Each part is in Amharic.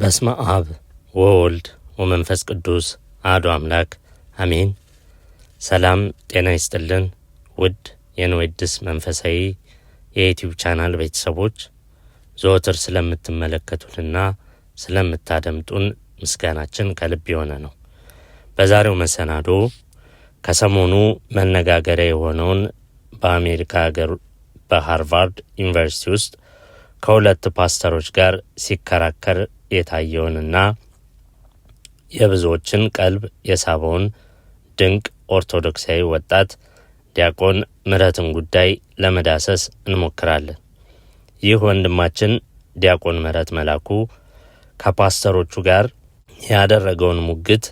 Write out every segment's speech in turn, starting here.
በስመ አብ ወወልድ ወመንፈስ ቅዱስ አሐዱ አምላክ አሜን። ሰላም ጤና ይስጥልን ውድ የንወድስ መንፈሳዊ የዩትዩብ ቻናል ቤተሰቦች ዘወትር ስለምትመለከቱንና ስለምታደምጡን ምስጋናችን ከልብ የሆነ ነው። በዛሬው መሰናዶ ከሰሞኑ መነጋገሪያ የሆነውን በአሜሪካ ሀገር በሃርቫርድ ዩኒቨርሲቲ ውስጥ ከሁለት ፓስተሮች ጋር ሲከራከር የታየውንና የብዙዎችን ቀልብ የሳበውን ድንቅ ኦርቶዶክሳዊ ወጣት ዲያቆን ምረትን ጉዳይ ለመዳሰስ እንሞክራለን። ይህ ወንድማችን ዲያቆን ምረት መላኩ ከፓስተሮቹ ጋር ያደረገውን ሙግት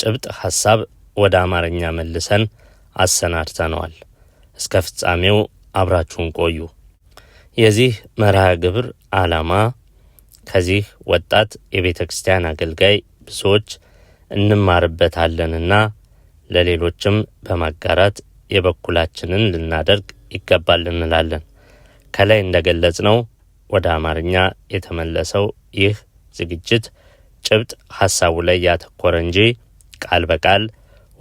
ጭብጥ ሐሳብ ወደ አማርኛ መልሰን አሰናድተነዋል። እስከ ፍጻሜው አብራችሁን ቆዩ። የዚህ መርሃ ግብር ዓላማ ከዚህ ወጣት የቤተ ክርስቲያን አገልጋይ ብዙዎች እንማርበታለንና ለሌሎችም በማጋራት የበኩላችንን ልናደርግ ይገባል እንላለን። ከላይ እንደገለጽ ነው ወደ አማርኛ የተመለሰው ይህ ዝግጅት ጭብጥ ሐሳቡ ላይ ያተኮረ እንጂ ቃል በቃል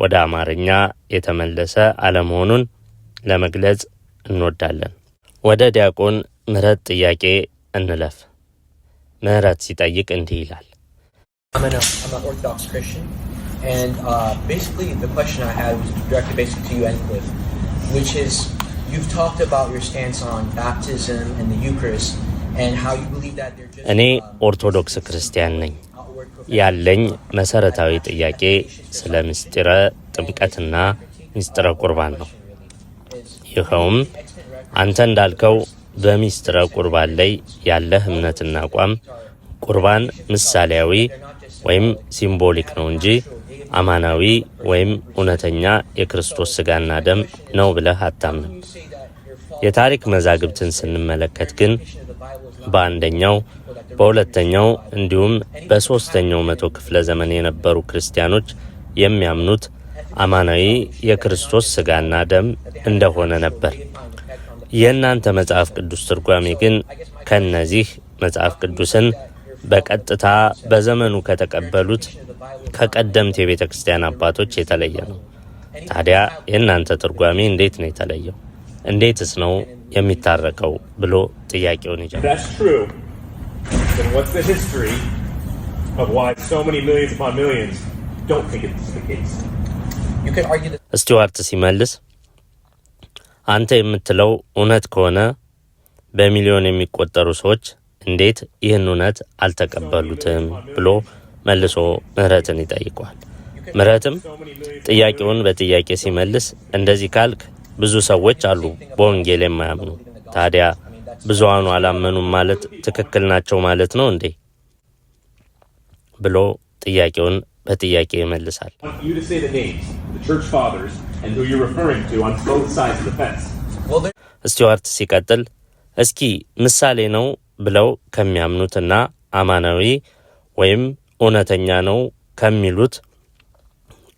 ወደ አማርኛ የተመለሰ አለመሆኑን ለመግለጽ እንወዳለን። ወደ ዲያቆን ምህረት ጥያቄ እንለፍ። ምህረት ሲጠይቅ እንዲህ ይላል። uh, እኔ uh, ኦርቶዶክስ ክርስቲያን ነኝ። ያለኝ መሰረታዊ ጥያቄ ስለ ምስጢረ ጥምቀትና ምስጢረ ቁርባን ነው። ይኸውም አንተ እንዳልከው በሚስጥረ ቁርባን ላይ ያለህ እምነትና አቋም ቁርባን ምሳሌያዊ ወይም ሲምቦሊክ ነው እንጂ አማናዊ ወይም እውነተኛ የክርስቶስ ስጋና ደም ነው ብለህ አታምንም። የታሪክ መዛግብትን ስንመለከት ግን በአንደኛው በሁለተኛው እንዲሁም በሦስተኛው መቶ ክፍለ ዘመን የነበሩ ክርስቲያኖች የሚያምኑት አማናዊ የክርስቶስ ስጋና ደም እንደሆነ ነበር። የእናንተ መጽሐፍ ቅዱስ ትርጓሜ ግን ከነዚህ መጽሐፍ ቅዱስን በቀጥታ በዘመኑ ከተቀበሉት ከቀደምት የቤተ ክርስቲያን አባቶች የተለየ ነው። ታዲያ የእናንተ ትርጓሜ እንዴት ነው የተለየው? እንዴትስ ነው የሚታረቀው? ብሎ ጥያቄውን ይጀምራል። ስቲዋርት ሲመልስ አንተ የምትለው እውነት ከሆነ በሚሊዮን የሚቆጠሩ ሰዎች እንዴት ይህን እውነት አልተቀበሉትም? ብሎ መልሶ ምህረትን ይጠይቋል። ምህረትም ጥያቄውን በጥያቄ ሲመልስ እንደዚህ ካልክ ብዙ ሰዎች አሉ በወንጌል የማያምኑ ታዲያ ብዙሃኑ አላመኑም ማለት ትክክል ናቸው ማለት ነው እንዴ? ብሎ ጥያቄውን በጥያቄ ይመልሳል። church fathers and who you're referring to on both sides of the fence. ስቲዋርት ሲቀጥል እስኪ ምሳሌ ነው ብለው ከሚያምኑትና አማናዊ ወይም እውነተኛ ነው ከሚሉት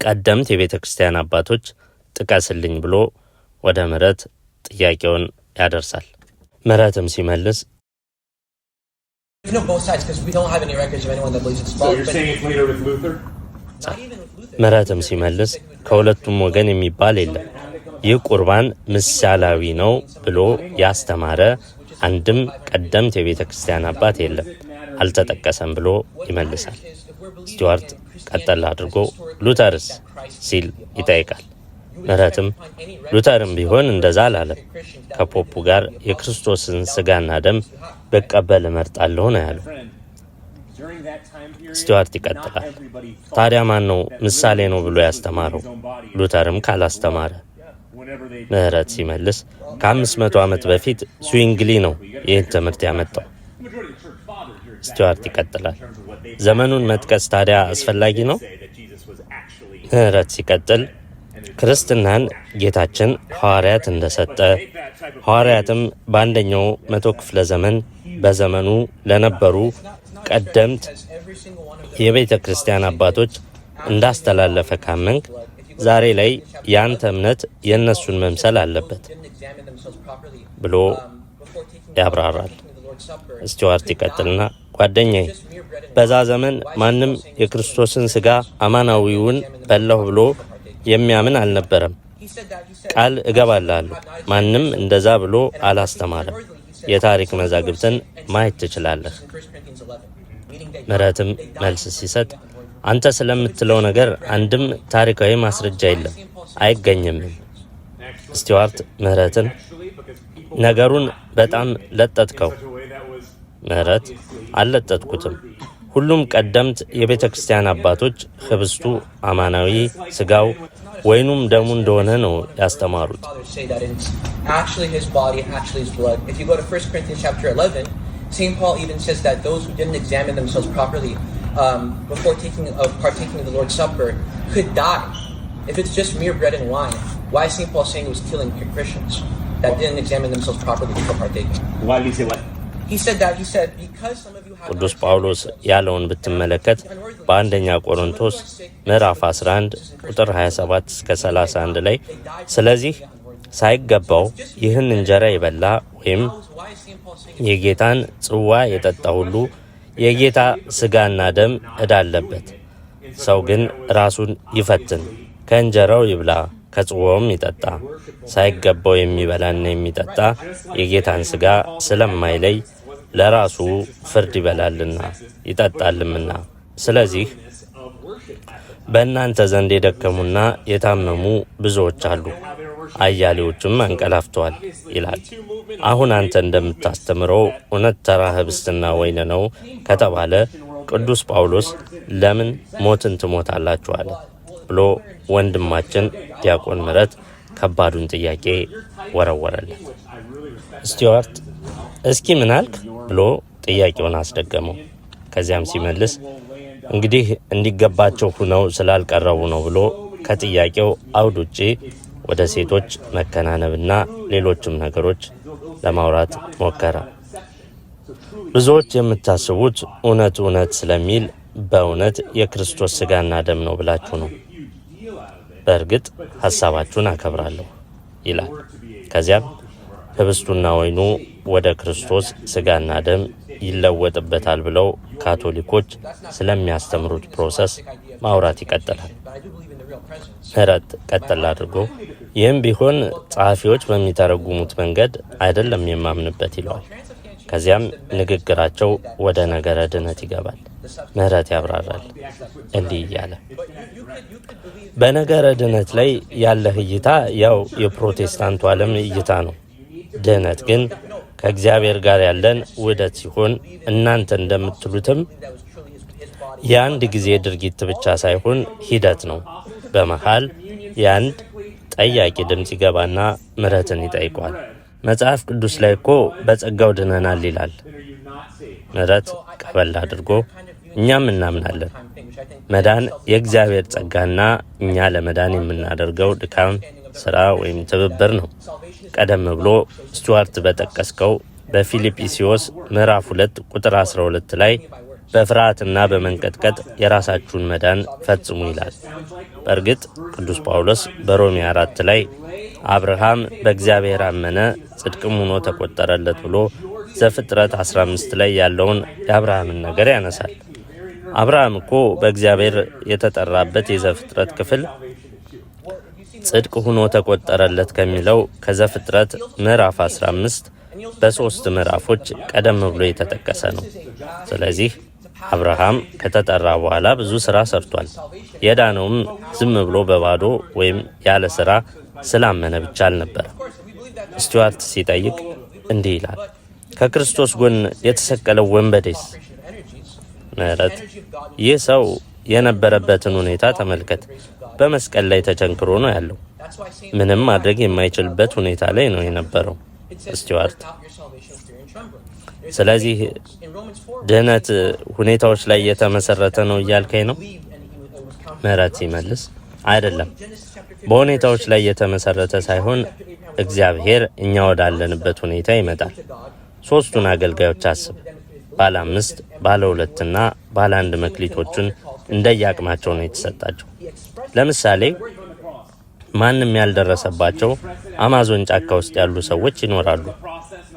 ቀደምት የቤተ ክርስቲያን አባቶች ጥቀስልኝ ብሎ ወደ ምረት ጥያቄውን ያደርሳል። ምረትም ሲመልስ ምረትም ሲመልስ ከሁለቱም ወገን የሚባል የለም። ይህ ቁርባን ምሳላዊ ነው ብሎ ያስተማረ አንድም ቀደምት የቤተ ክርስቲያን አባት የለም፣ አልተጠቀሰም ብሎ ይመልሳል። ስቲዋርት ቀጠል አድርጎ ሉተርስ ሲል ይጠይቃል። ምህረትም ሉተርም ቢሆን እንደዛ አላለም። ከፖፑ ጋር የክርስቶስን ስጋና ደም በቀበል እመርጣለሁ ነው ያለው። ስቲዋርት ይቀጥላል። ታዲያ ማን ነው ምሳሌ ነው ብሎ ያስተማረው? ሉተርም ካላስተማረ ምህረት ሲመልስ ከአምስት መቶ ዓመት በፊት ስዊንግሊ ነው ይህን ትምህርት ያመጣው። ስቲዋርት ይቀጥላል። ዘመኑን መጥቀስ ታዲያ አስፈላጊ ነው? ምህረት ሲቀጥል ክርስትናን ጌታችን ሐዋርያት እንደሰጠ ሐዋርያትም በአንደኛው መቶ ክፍለ ዘመን በዘመኑ ለነበሩ ቀደምት የቤተ ክርስቲያን አባቶች እንዳስተላለፈ ካመንክ ዛሬ ላይ የአንተ እምነት የእነሱን መምሰል አለበት ብሎ ያብራራል። ስቲዋርት ይቀጥልና ጓደኛዬ በዛ ዘመን ማንም የክርስቶስን ስጋ አማናዊውን በላሁ ብሎ የሚያምን አልነበረም። ቃል እገባላለሁ ማንም እንደዛ ብሎ አላስተማረም። የታሪክ መዛግብትን ማየት ትችላለህ። ምረትም መልስ ሲሰጥ አንተ ስለምትለው ነገር አንድም ታሪካዊ ማስረጃ የለም አይገኝም። ስቲዋርት ምረትን ነገሩን በጣም ለጠጥከው። ምረት አልለጠጥኩትም። ሁሉም ቀደምት የቤተ ክርስቲያን አባቶች ህብስቱ አማናዊ ስጋው ወይኑም ደሙ እንደሆነ ነው ያስተማሩት። St. Paul even says that those who didn't examine themselves properly um, before taking of uh, partaking of the Lord's Supper could die. If it's just mere bread and wine, why is St. Paul saying it was killing Christians that didn't examine themselves properly before partaking? Why did he say what? ቅዱስ ጳውሎስ ያለውን ብትመለከት በአንደኛ ቆሮንቶስ ምዕራፍ 11 ቁጥር 27 እስከ 31 ላይ ስለዚህ ሳይገባው ይህን እንጀራ የበላ ወይም የጌታን ጽዋ የጠጣ ሁሉ የጌታ ስጋና ደም እዳ አለበት። ሰው ግን ራሱን ይፈትን፣ ከእንጀራው ይብላ ከጽዋውም ይጠጣ። ሳይገባው የሚበላና የሚጠጣ የጌታን ስጋ ስለማይለይ ለራሱ ፍርድ ይበላልና ይጠጣልምና። ስለዚህ በእናንተ ዘንድ የደከሙና የታመሙ ብዙዎች አሉ። አያሌዎቹም አንቀላፍተዋል ይላል። አሁን አንተ እንደምታስተምረው እውነት ተራ ህብስትና ወይን ነው ከተባለ ቅዱስ ጳውሎስ ለምን ሞትን ትሞታላችሁ አለ ብሎ ወንድማችን ዲያቆን ምረት ከባዱን ጥያቄ ወረወረለት። ስቲዋርት እስኪ ምን አልክ ብሎ ጥያቄውን አስደገመው። ከዚያም ሲመልስ እንግዲህ እንዲገባቸው ሁነው ስላልቀረቡ ነው ብሎ ከጥያቄው አውድ ውጪ ወደ ሴቶች መከናነብና ሌሎችም ነገሮች ለማውራት ሞከረ። ብዙዎች የምታስቡት እውነት እውነት ስለሚል በእውነት የክርስቶስ ስጋና ደም ነው ብላችሁ ነው። በእርግጥ ሀሳባችሁን አከብራለሁ ይላል። ከዚያም ህብስቱና ወይኑ ወደ ክርስቶስ ስጋና ደም ይለወጥበታል ብለው ካቶሊኮች ስለሚያስተምሩት ፕሮሰስ ማውራት ይቀጥላል። ምህረት ቀጠል አድርጎ ይህም ቢሆን ጸሐፊዎች በሚተረጉሙት መንገድ አይደለም የማምንበት ይለዋል። ከዚያም ንግግራቸው ወደ ነገረ ድነት ይገባል። ምህረት ያብራራል እንዲህ እያለ በነገረ ድነት ላይ ያለህ እይታ ያው የፕሮቴስታንቱ ዓለም እይታ ነው። ድህነት ግን ከእግዚአብሔር ጋር ያለን ውህደት ሲሆን እናንተ እንደምትሉትም የአንድ ጊዜ ድርጊት ብቻ ሳይሆን ሂደት ነው። በመሃል የአንድ ጠያቂ ድምፅ ይገባና ምሕረትን ይጠይቋል። መጽሐፍ ቅዱስ ላይ እኮ በጸጋው ድነናል ይላል። ምሕረት ቀበል አድርጎ እኛም እናምናለን። መዳን የእግዚአብሔር ጸጋና እኛ ለመዳን የምናደርገው ድካም፣ ሥራ ወይም ትብብር ነው። ቀደም ብሎ ስቱዋርት በጠቀስከው በፊልጵስዎስ ምዕራፍ 2 ቁጥር 12 ላይ በፍርሃትና በመንቀጥቀጥ የራሳችሁን መዳን ፈጽሙ ይላል። በእርግጥ ቅዱስ ጳውሎስ በሮሜ አራት ላይ አብርሃም በእግዚአብሔር አመነ ጽድቅም ሆኖ ተቆጠረለት ብሎ ዘፍጥረት 15 ላይ ያለውን የአብርሃምን ነገር ያነሳል። አብርሃም እኮ በእግዚአብሔር የተጠራበት የዘፍጥረት ክፍል ጽድቅ ሆኖ ተቆጠረለት ከሚለው ከዘፍጥረት ምዕራፍ 15 በሦስት ምዕራፎች ቀደም ብሎ የተጠቀሰ ነው። ስለዚህ አብርሃም ከተጠራ በኋላ ብዙ ስራ ሰርቷል። የዳነውም ዝም ብሎ በባዶ ወይም ያለ ስራ ስላመነ ብቻ አልነበረ። ስቲዋርት ሲጠይቅ እንዲህ ይላል፣ ከክርስቶስ ጎን የተሰቀለው ወንበዴስ? ምሕረት ይህ ሰው የነበረበትን ሁኔታ ተመልከት። በመስቀል ላይ ተቸንክሮ ነው ያለው። ምንም ማድረግ የማይችልበት ሁኔታ ላይ ነው የነበረው። ስቲዋርት ስለዚህ ድህነት ሁኔታዎች ላይ የተመሰረተ ነው እያልከኝ ነው? ምህረት ሲመልስ አይደለም፣ በሁኔታዎች ላይ የተመሰረተ ሳይሆን እግዚአብሔር እኛ ወዳለንበት ሁኔታ ይመጣል። ሶስቱን አገልጋዮች አስብ። ባለ አምስት፣ ባለ ሁለትና ባለ አንድ መክሊቶቹን እንደየአቅማቸው ነው የተሰጣቸው። ለምሳሌ ማንም ያልደረሰባቸው አማዞን ጫካ ውስጥ ያሉ ሰዎች ይኖራሉ።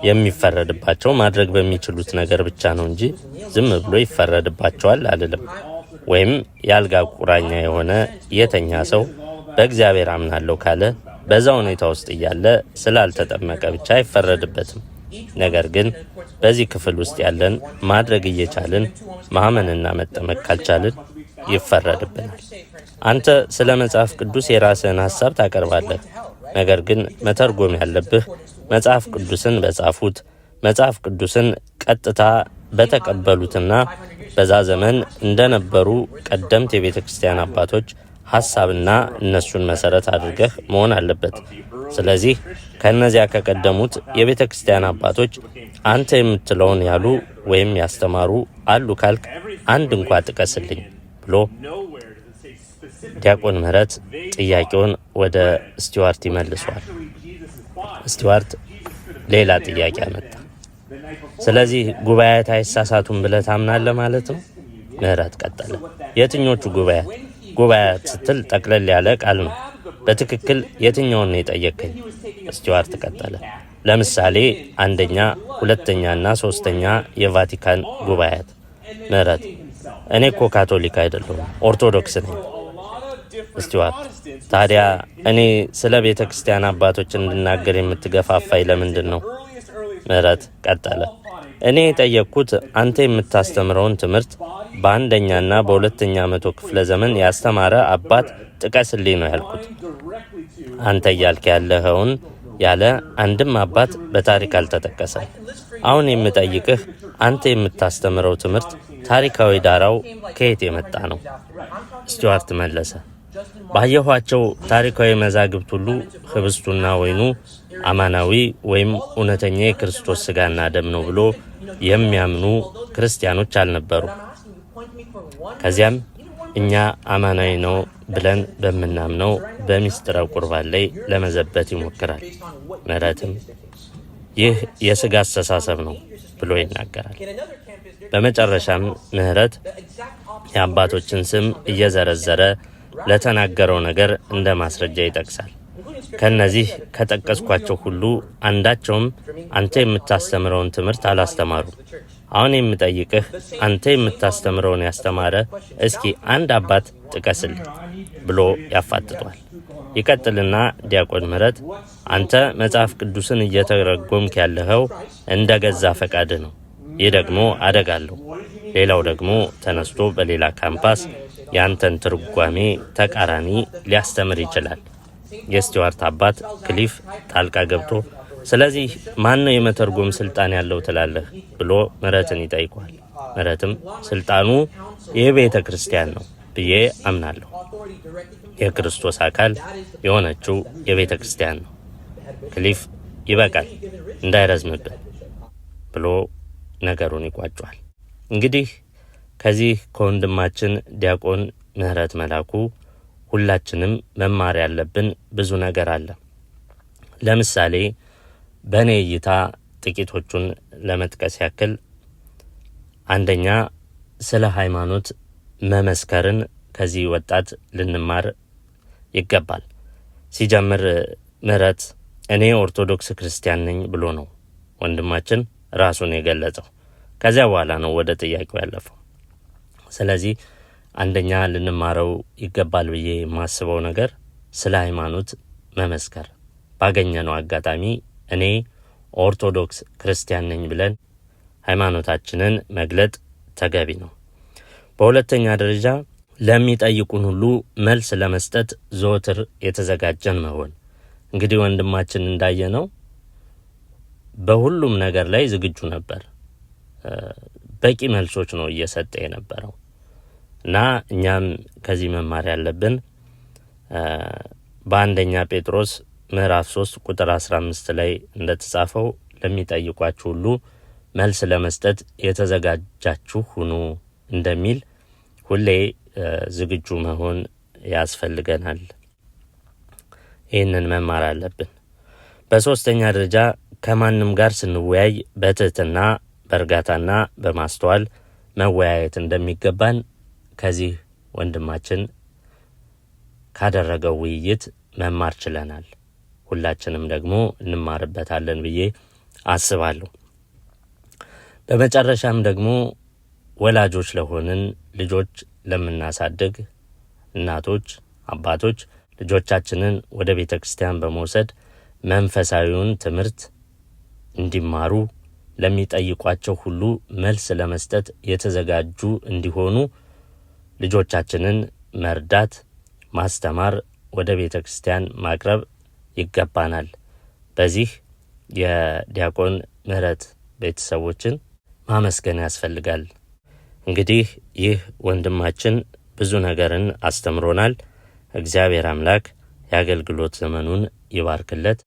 የሚፈረድባቸው ማድረግ በሚችሉት ነገር ብቻ ነው እንጂ ዝም ብሎ ይፈረድባቸዋል አልልም። ወይም የአልጋ ቁራኛ የሆነ የተኛ ሰው በእግዚአብሔር አምናለሁ ካለ በዛ ሁኔታ ውስጥ እያለ ስላልተጠመቀ ብቻ አይፈረድበትም። ነገር ግን በዚህ ክፍል ውስጥ ያለን ማድረግ እየቻልን ማመንና መጠመቅ ካልቻልን ይፈረድብናል። አንተ ስለ መጽሐፍ ቅዱስ የራስህን ሀሳብ ታቀርባለህ። ነገር ግን መተርጎም ያለብህ መጽሐፍ ቅዱስን በጻፉት መጽሐፍ ቅዱስን ቀጥታ በተቀበሉትና በዛ ዘመን እንደነበሩ ቀደምት የቤተ ክርስቲያን አባቶች ሐሳብና እነሱን መሰረት አድርገህ መሆን አለበት። ስለዚህ ከእነዚያ ከቀደሙት የቤተ ክርስቲያን አባቶች አንተ የምትለውን ያሉ ወይም ያስተማሩ አሉ ካልክ አንድ እንኳ ጥቀስልኝ ብሎ ዲያቆን ምህረት ጥያቄውን ወደ ስቲዋርት ይመልሷል። ስቲዋርት ሌላ ጥያቄ አመጣ። ስለዚህ ጉባኤያት አይሳሳቱም ብለህ ታምናለህ ማለት ነው? ምህረት ቀጠለ። የትኞቹ ጉባኤያት? ጉባኤያት ስትል ጠቅለል ያለ ቃል ነው። በትክክል የትኛውን ነው የጠየቀኝ? ስቲዋርት ቀጠለ። ለምሳሌ አንደኛ፣ ሁለተኛና ሶስተኛ የቫቲካን ጉባኤያት። ምህረት እኔ እኮ ካቶሊክ አይደለሁም ኦርቶዶክስ ነኝ። ስቲዋርት ታዲያ እኔ ስለ ቤተ ክርስቲያን አባቶች እንድናገር የምትገፋፋኝ ለምንድን ነው? ምህረት ቀጠለ። እኔ የጠየቅኩት አንተ የምታስተምረውን ትምህርት በአንደኛና በሁለተኛ መቶ ክፍለ ዘመን ያስተማረ አባት ጥቀስልኝ ነው ያልኩት። አንተ እያልክ ያለኸውን ያለ አንድም አባት በታሪክ አልተጠቀሰ አሁን የምጠይቅህ አንተ የምታስተምረው ትምህርት ታሪካዊ ዳራው ከየት የመጣ ነው? ስቲዋርት መለሰ። ባየኋቸው ታሪካዊ መዛግብት ሁሉ ህብስቱና ወይኑ አማናዊ ወይም እውነተኛ የክርስቶስ ስጋና ደም ነው ብሎ የሚያምኑ ክርስቲያኖች አልነበሩ። ከዚያም እኛ አማናዊ ነው ብለን በምናምነው በሚስጥረ ቁርባን ላይ ለመዘበት ይሞክራል። ምረትም ይህ የስጋ አስተሳሰብ ነው ብሎ ይናገራል። በመጨረሻም ምህረት የአባቶችን ስም እየዘረዘረ ለተናገረው ነገር እንደ ማስረጃ ይጠቅሳል። ከነዚህ ከጠቀስኳቸው ሁሉ አንዳቸውም አንተ የምታስተምረውን ትምህርት አላስተማሩም። አሁን የምጠይቅህ አንተ የምታስተምረውን ያስተማረ እስኪ አንድ አባት ጥቀስልኝ ብሎ ያፋጥጧል። ይቀጥልና ዲያቆን ምህረት አንተ መጽሐፍ ቅዱስን እየተረጎምክ ያለኸው እንደ ገዛ ፈቃድህ ነው። ይህ ደግሞ አደጋለሁ። ሌላው ደግሞ ተነስቶ በሌላ ካምፓስ የአንተን ትርጓሜ ተቃራኒ ሊያስተምር ይችላል። የስቲዋርት አባት ክሊፍ ጣልቃ ገብቶ ስለዚህ ማን ነው የመተርጎም ስልጣን ያለው ትላለህ ብሎ ምረትን ይጠይቋል። ምረትም ስልጣኑ የቤተ ክርስቲያን ነው ብዬ አምናለሁ። የክርስቶስ አካል የሆነችው የቤተ ክርስቲያን ነው። ክሊፍ ይበቃል እንዳይረዝምብን ብሎ ነገሩን ይቋጫል። እንግዲህ ከዚህ ከወንድማችን ዲያቆን ምህረት መላኩ ሁላችንም መማር ያለብን ብዙ ነገር አለ። ለምሳሌ በእኔ እይታ ጥቂቶቹን ለመጥቀስ ያክል፣ አንደኛ ስለ ሃይማኖት መመስከርን ከዚህ ወጣት ልንማር ይገባል። ሲጀምር ምህረት እኔ ኦርቶዶክስ ክርስቲያን ነኝ ብሎ ነው ወንድማችን ራሱን የገለጸው። ከዚያ በኋላ ነው ወደ ጥያቄው ያለፈው። ስለዚህ አንደኛ ልንማረው ይገባል ብዬ የማስበው ነገር ስለ ሃይማኖት መመስከር ባገኘነው አጋጣሚ እኔ ኦርቶዶክስ ክርስቲያን ነኝ ብለን ሃይማኖታችንን መግለጥ ተገቢ ነው። በሁለተኛ ደረጃ ለሚጠይቁን ሁሉ መልስ ለመስጠት ዘወትር የተዘጋጀን መሆን። እንግዲህ ወንድማችን እንዳየ ነው በሁሉም ነገር ላይ ዝግጁ ነበር። በቂ መልሶች ነው እየሰጠ የነበረው እና እኛም ከዚህ መማር ያለብን በአንደኛ ጴጥሮስ ምዕራፍ 3 ቁጥር 15 ላይ እንደተጻፈው ለሚጠይቋችሁ ሁሉ መልስ ለመስጠት የተዘጋጃችሁ ሁኑ እንደሚል ሁሌ ዝግጁ መሆን ያስፈልገናል። ይህንን መማር አለብን። በሶስተኛ ደረጃ ከማንም ጋር ስንወያይ በትህትና በእርጋታና በማስተዋል መወያየት እንደሚገባን ከዚህ ወንድማችን ካደረገው ውይይት መማር ችለናል። ሁላችንም ደግሞ እንማርበታለን ብዬ አስባለሁ። በመጨረሻም ደግሞ ወላጆች ለሆንን ልጆች ለምናሳድግ እናቶች፣ አባቶች ልጆቻችንን ወደ ቤተ ክርስቲያን በመውሰድ መንፈሳዊውን ትምህርት እንዲማሩ ለሚጠይቋቸው ሁሉ መልስ ለመስጠት የተዘጋጁ እንዲሆኑ ልጆቻችንን መርዳት፣ ማስተማር፣ ወደ ቤተ ክርስቲያን ማቅረብ ይገባናል። በዚህ የዲያቆን ምህረት ቤተሰቦችን ማመስገን ያስፈልጋል። እንግዲህ ይህ ወንድማችን ብዙ ነገርን አስተምሮናል። እግዚአብሔር አምላክ የአገልግሎት ዘመኑን ይባርክለት።